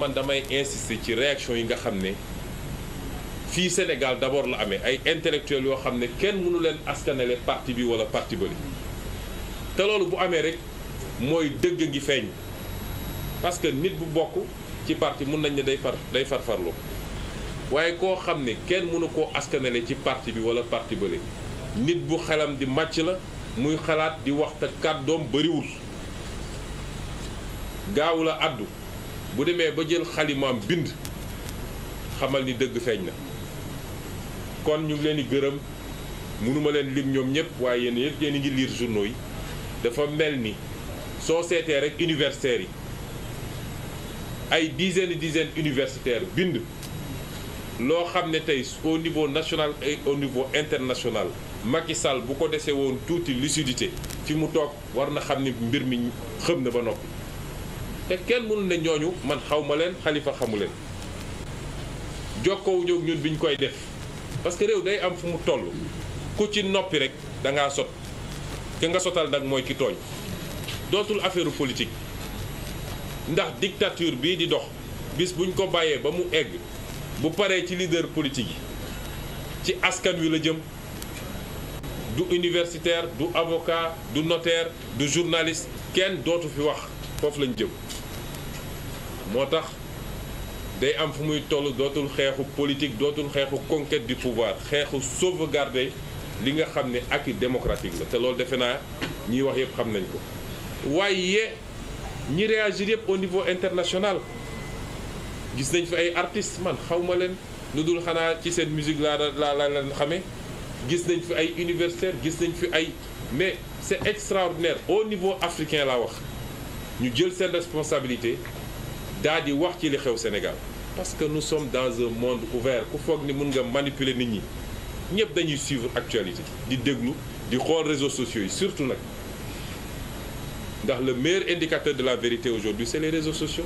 man damay insister ci réaction yi nga xam ne fii Sénégal d'abord la amee ay intellectuels yoo xam ne kenn mënu leen askanale parti bi wala parti bële te loolu bu amee rek mooy dëgg ngi feeñ parce que nit bu bokk ci parti mun nañ ne day far day farfarloo waaye koo xam ne kenn mënu koo askanale ci parti bi wala parti bële nit bu xelam di màcc la muy xalaat di wax te kàddoom bëriwul gaaw la addu bu demee ba jël xalimaam bind xamal ni dëgg feeñ na kon ñu ngi leen di gërëm mënuma leen lim ñoom ñëpp waaye yéen yëpp yéen ngi liir journaux yi dafa mel ni soo seetee rek universitaires yi ay dizaine dizaine universitaires bind loo xam ne tey au niveau national ay au niveau international Macky Sall bu ko desee woon tuuti lucidité fi mu toog war na xam ni mbir mi xëm na ba noppi te kenn mënul ne ñooñu man xawma leen xalifa xamu leen jokkoo ñoog ñun bi ñu koy def parce que réew day am fu mu toll ku ci noppi rek da ngaa sot ki nga sotal nag mooy ki tooñ dootul affaire politique ndax dictature bii di dox bis buñ ko bàyyee ba mu egg bu paree ci leader politique yi ci askan wi la jëm du universitaire du avocat du notaire du journaliste kenn dootu fi wax foofu lañu jëm motax day am fu muy toll dootul xeexu politique dootul xeexu conquête du pouvoir xeexu sauvegarder li nga xam ne acquis démocratique la te loolu defe naa ñiy wax yëpp xam nañ ko waaye ñi réagir yëpp au niveau international gis nañ fi ay artistes man xawma ma leen lu dul xanaa ci seen musique la la la leen xamee gis nañ fi ay universitaires gis nañ fi ay mais c'est extraordinaire au niveau africain laa wax ñu jël seen responsabilité dadi wax ci li Sénégal parce que nous sommes dans un monde ouvert ku les ni manipulent nga manipuler nit ñi suivre l'actualité, di déglu di réseaux sociaux surtout le meilleur indicateur de la vérité aujourd'hui c'est les réseaux sociaux